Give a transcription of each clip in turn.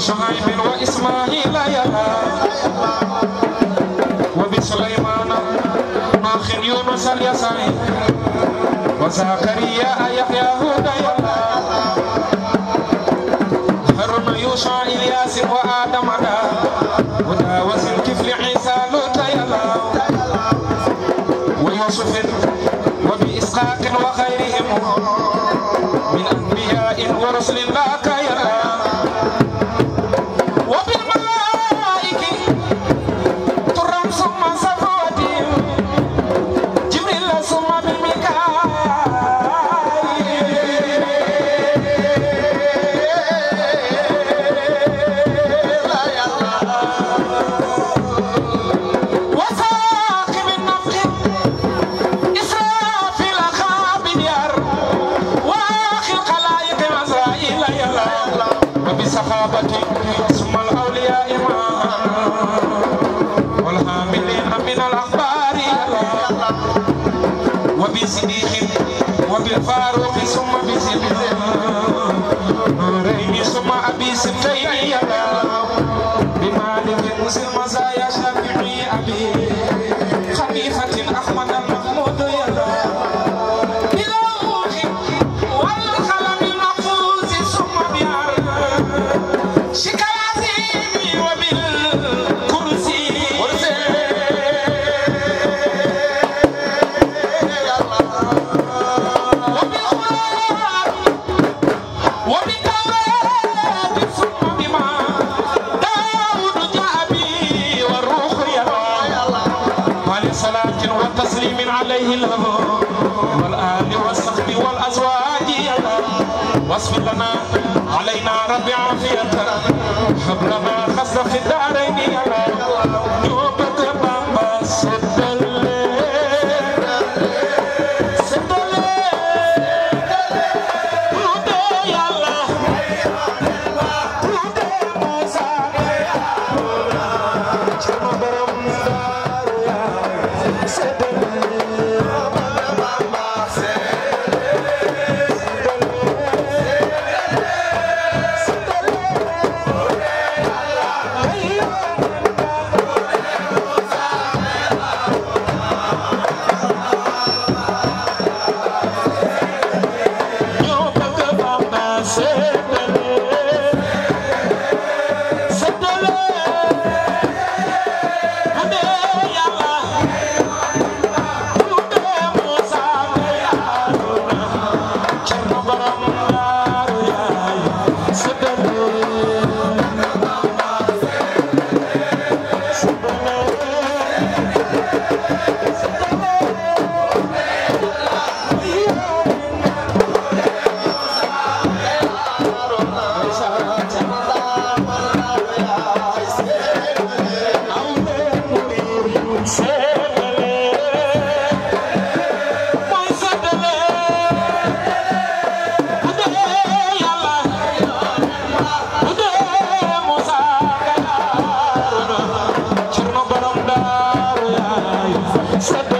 شعيب وإسماعيل يلا وبسليمان آخر يونس اليسري وزكريا يحيى هدى يلا يوسف وبإسحاق وغيرهم من أنبياء ورسل الله إله والآل والصحب والأزواج واصف لنا علينا رب عافية حبلنا خص في الدارين Step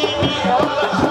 你赢了。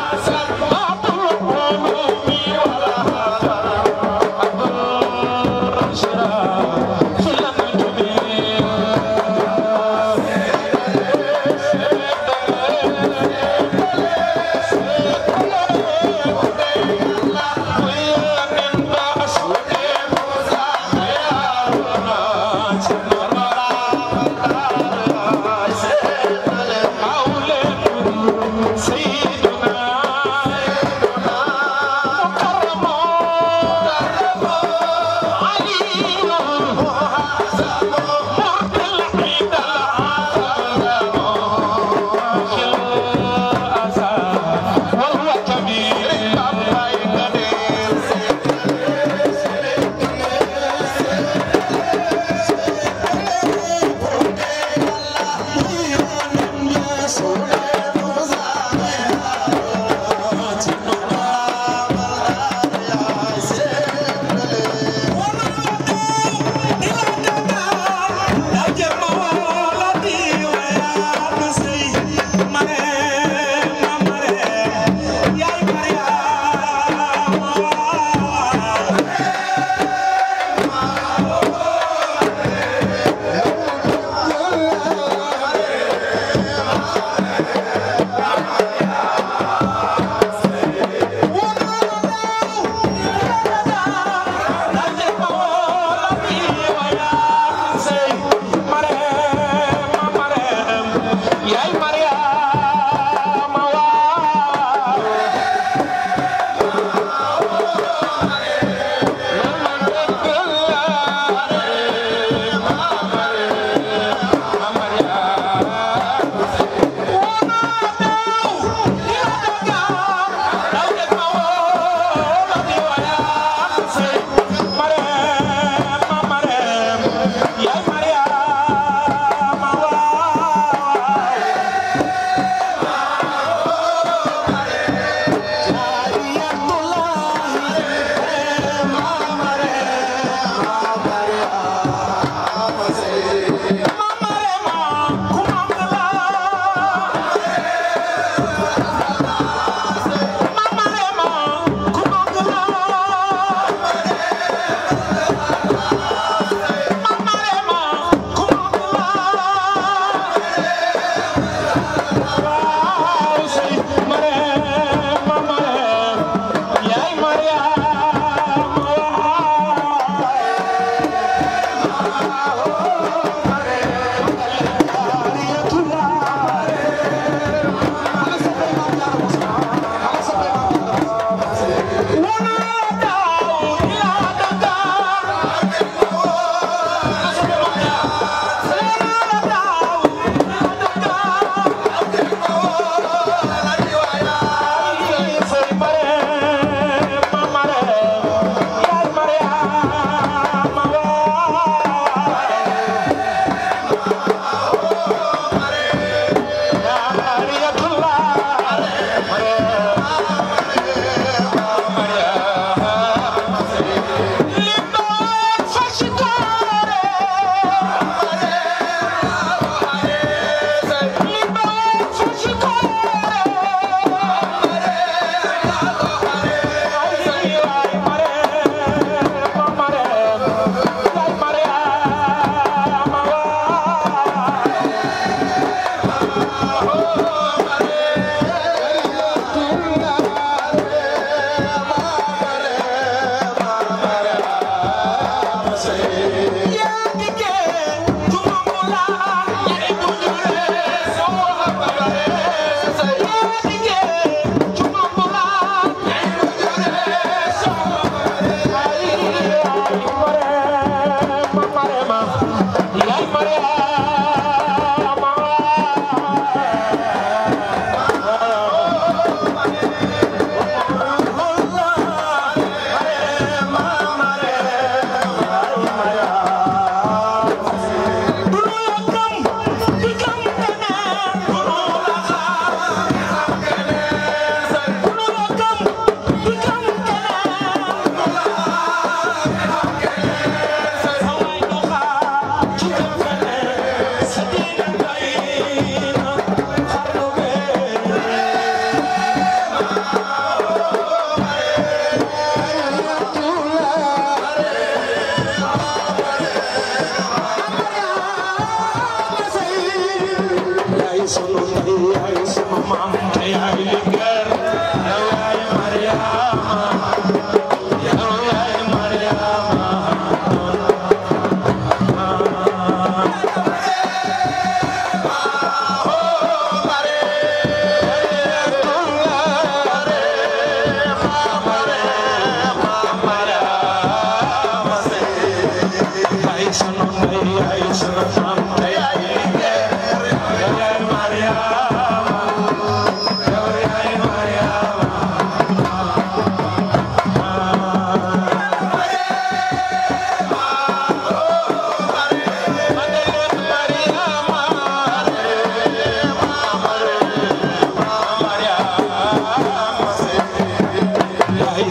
i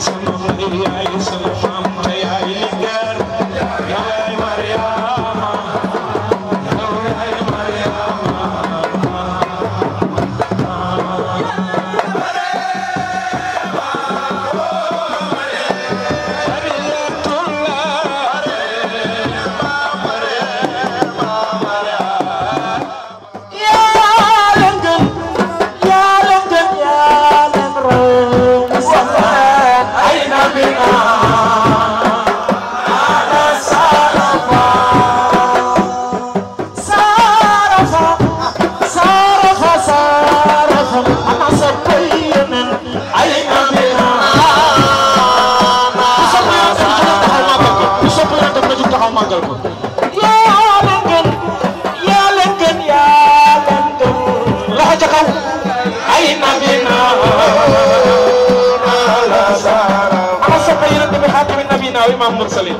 I'm Hare Krishna, màggal ko yaa leen gën yaa leen gën yaa leen gën loxo ca kaw ay nabi naa la sara ana soppe yi rabbi xaatimi nabi naa imaam mursalin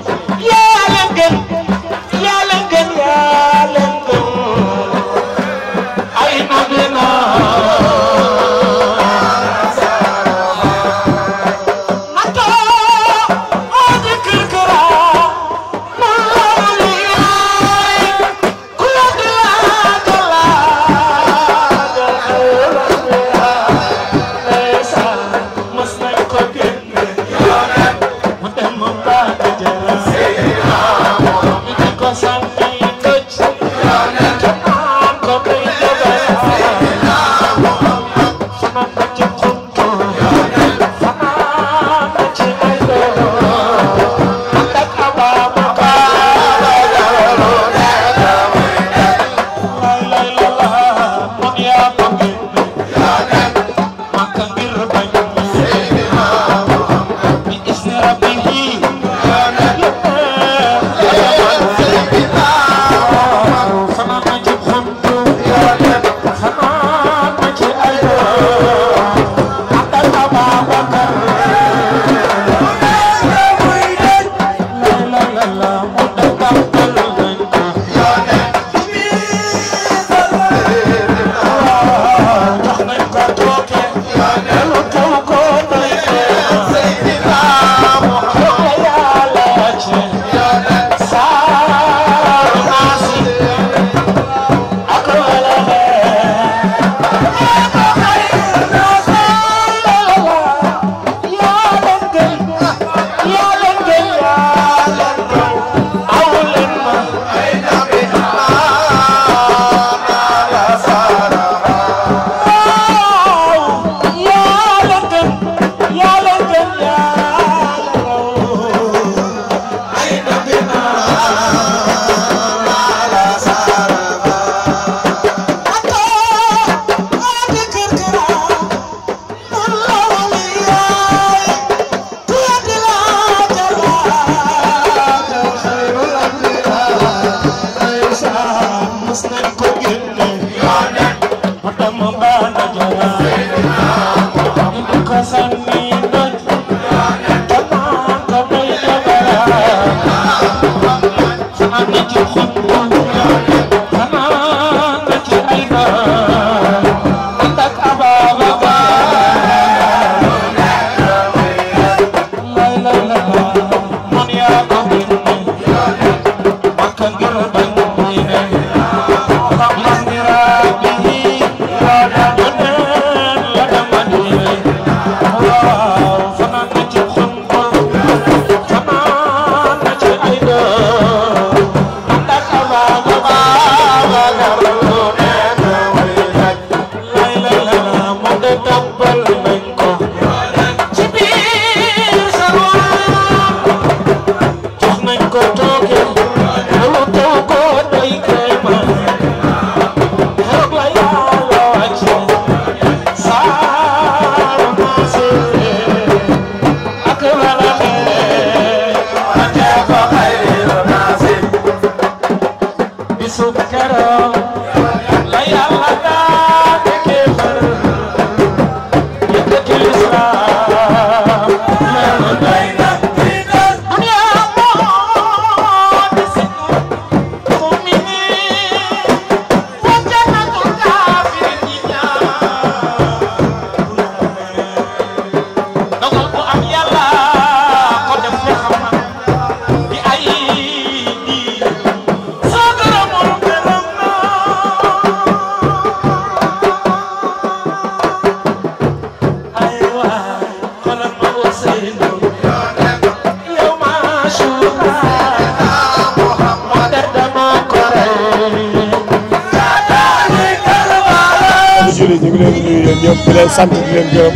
jërëjëf ñu ngi leen nuyu yéen ñëpp di leen sant di leen gërëm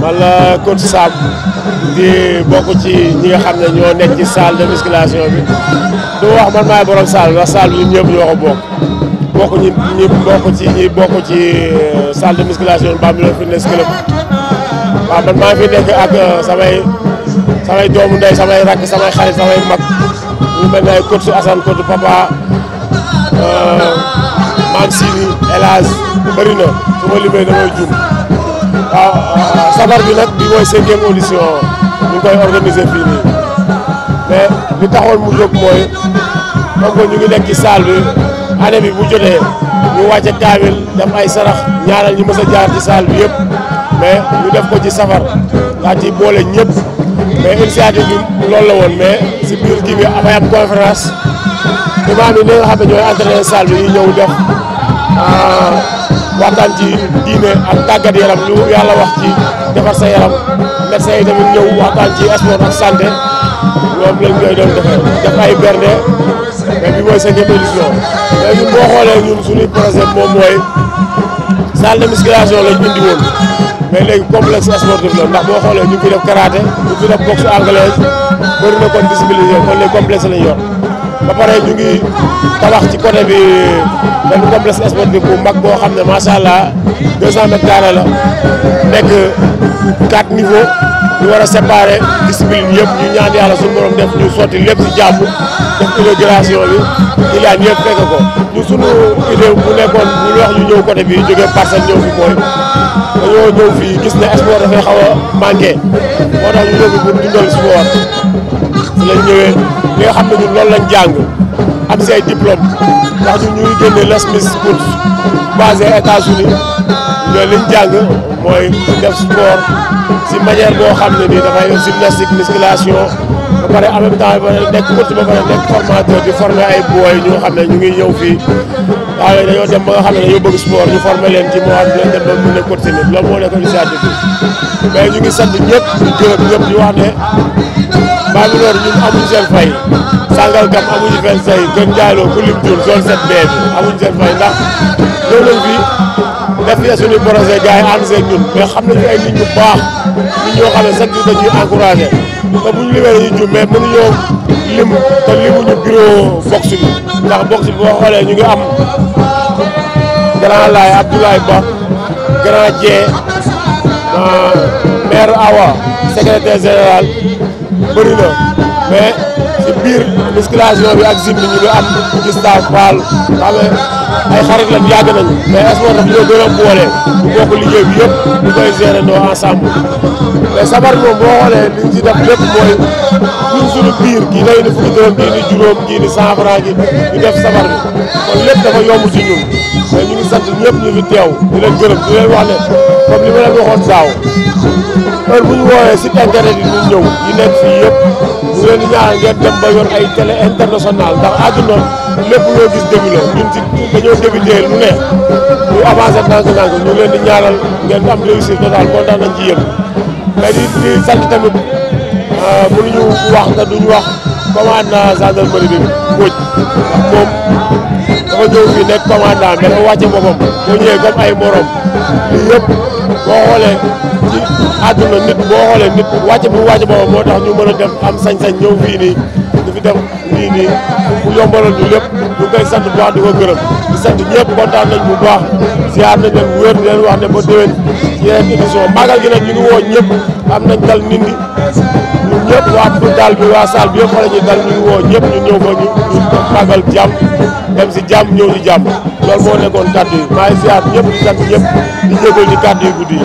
man la coach Sam di bokk ci ñi nga xam ne ñoo nekk ci salle de musculation bi du wax man maay borom salle ndax salle bi ñun ñëpp ñoo ko bokk bokk ñi ñi bokk ci ñi bokk ci euh, salle de musculation Bambilor Fitness Club waaw man maa fi nekk ak euh, samay. samay doomu ndey samay rakk samay xarit samay mag ñu mel ne ay coach Assane coach Papa euh, maam Sini El Hadj bëri na su ma limee jum waaw bi nag bi mooy cinquième audition ñu ngi koy organiser fii nii mais taxoon mu jóg mooy comme ñu ngi nekk ci salle bi année bi bu jotee ñu wàcce kaamil def ay sarax ñaanal ñu mës a jaar ci bi yëpp mais ñu def ko ci safar daa ci boole ñëpp. mais initiative bi loolu la woon mais si biir kii bi dafay am conférence imaam yi ñi nga xam ne ñooy entraîneur salle bi yi ñëw def ah, waxtaan ci diine ak tàggat yaram lu yàlla wax ci defar sa yaram yi tamit ñëw waxtaan ci sport ak santé loolu lañ koy doon defee def ay bernde bi mooy cinquième édition mais ñun boo xoolee ñun suñu projet moom mooy. salle de musculation lañ indi woon mais léegi complexe sportif la ndax boo xoolee ñu ngi fi def karaté ñu ngi fi def boxe anglaise bëri na kon discipline yooyu léegi complexe lañ yor ba pare ñu ngi tabax ci côté bi benn complexe sportif bu mag boo xam ne macha allah 200 mètres carrés la nekk 4 niveaux. war a séparer discipline yëpp ñu ñaan yàlla suñu borom def ñu sotti lépp si jàmm def inauguration bi ñu yaa ñëpp fekk ko ñu sunu idée bu nekkoon ñu wax ñu ñëw côté bi jógee Parcelles ñëw fi mooy dañoo ñëw fii gis ne sport dafay xaw a manqué moo tax ñu ñëw fi pour ñëwee li xam ne ñun loolu lañ jàng am say diplôme ndax ñun ñu ngi génne Les Mis Schools basé États-Unis loolu liñ jàng mooy def sport si manière boo xam ne nii dafay def gymnastique musculation ba pare en même temps ba nekk coach ba pare nekk formateur di former ay booy ñoo xam ne ñu ngi ñëw fii waaw yooyu dañoo dem ba nga xam ne dañoo bëgg sport ñu former leen ci moo xam ne dem ba mën a continuer loolu moo nekkoon initiative bi mais ñu ngi sant ñëpp di gërëm ñëpp di wax ne Bambilor ñun amuñu seen fay Sangalkam amuñu seen fay Kër Ndiallo ku lim Diouf zone 7B bi seen fay ndax loolu fi. def na suñu projet gars yi ànd ñun mais xam nañu ay nit ñu baax nit ñoo xam ne chaque jour dañuy encouragé te bu ñu limee dañuy jub mais mënuñoo lim te limuñu bureau box ndax box bi boo xoolee ñu ngi am grand laay Abdoulaye Ba grand Dieng euh, Awa secrétaire général bëri na ci biir musculation bi ak gym bi ñu ngi am gis naa faal ay xarit lañ yàgg nañu mais sport daf ñoo gën a boole bu bokk liggéey bi yëpp ñu koy gérer doo ensemble mais sabar moom boo xoolee liñ ci def lépp mooy ñun suñu biir kii day ni fukki dërëm kii ni juróom kii ni cent franc gi ñu def sabar bi kon lépp dafa yomb ci ñun mais ñu ngi sant ñëpp ñu fi teew di leen gërëm di leen wax ne comme li ma leen waxoon daaw heure bu woowee site internet yi ñu ñëw ñu ngeen dem ba yor ay télé international ndax àdduna lépp loo gis début la ñun ci dañoo débuté lu ne lu avancé ndànk-ndànk ñu leen di ñaaral ngeen am réussite totale kontaan nañ ci yéen mais di di sant tamit euh, mënuñu wax te duñu wax commandant gendarmerie bi Mbodj ndax moom dafa ñëw fii nekk commandant mais dafa wàcce boppam boo ñëwee comme ay morom lii yëpp boo àdduna nit boo xoolee nit wàcc bu wàcc boobu moo tax ñu mën a dem am sañ-sañ ñëw fii nii di fi dem nii nii bu yombalal ñu lépp ñu koy sant bu baax di ko gërëm di sant ñëpp kontaan nañ bu baax ziar nañ leen wax ne ba déwén yeneen émission màggal gi nag ñu woo ñëpp am nañ dal nit ñi ñun ñëpp waa daal bi waa saal bi yëpp fa la ñuy ñu ngi woo ñëpp ñu ñëw fa ñu ñu dem si jàmm ñëw si jàmm loolu moo nekkoon kàddu yi maa ngi ziar ñëpp di sant ñëpp guddi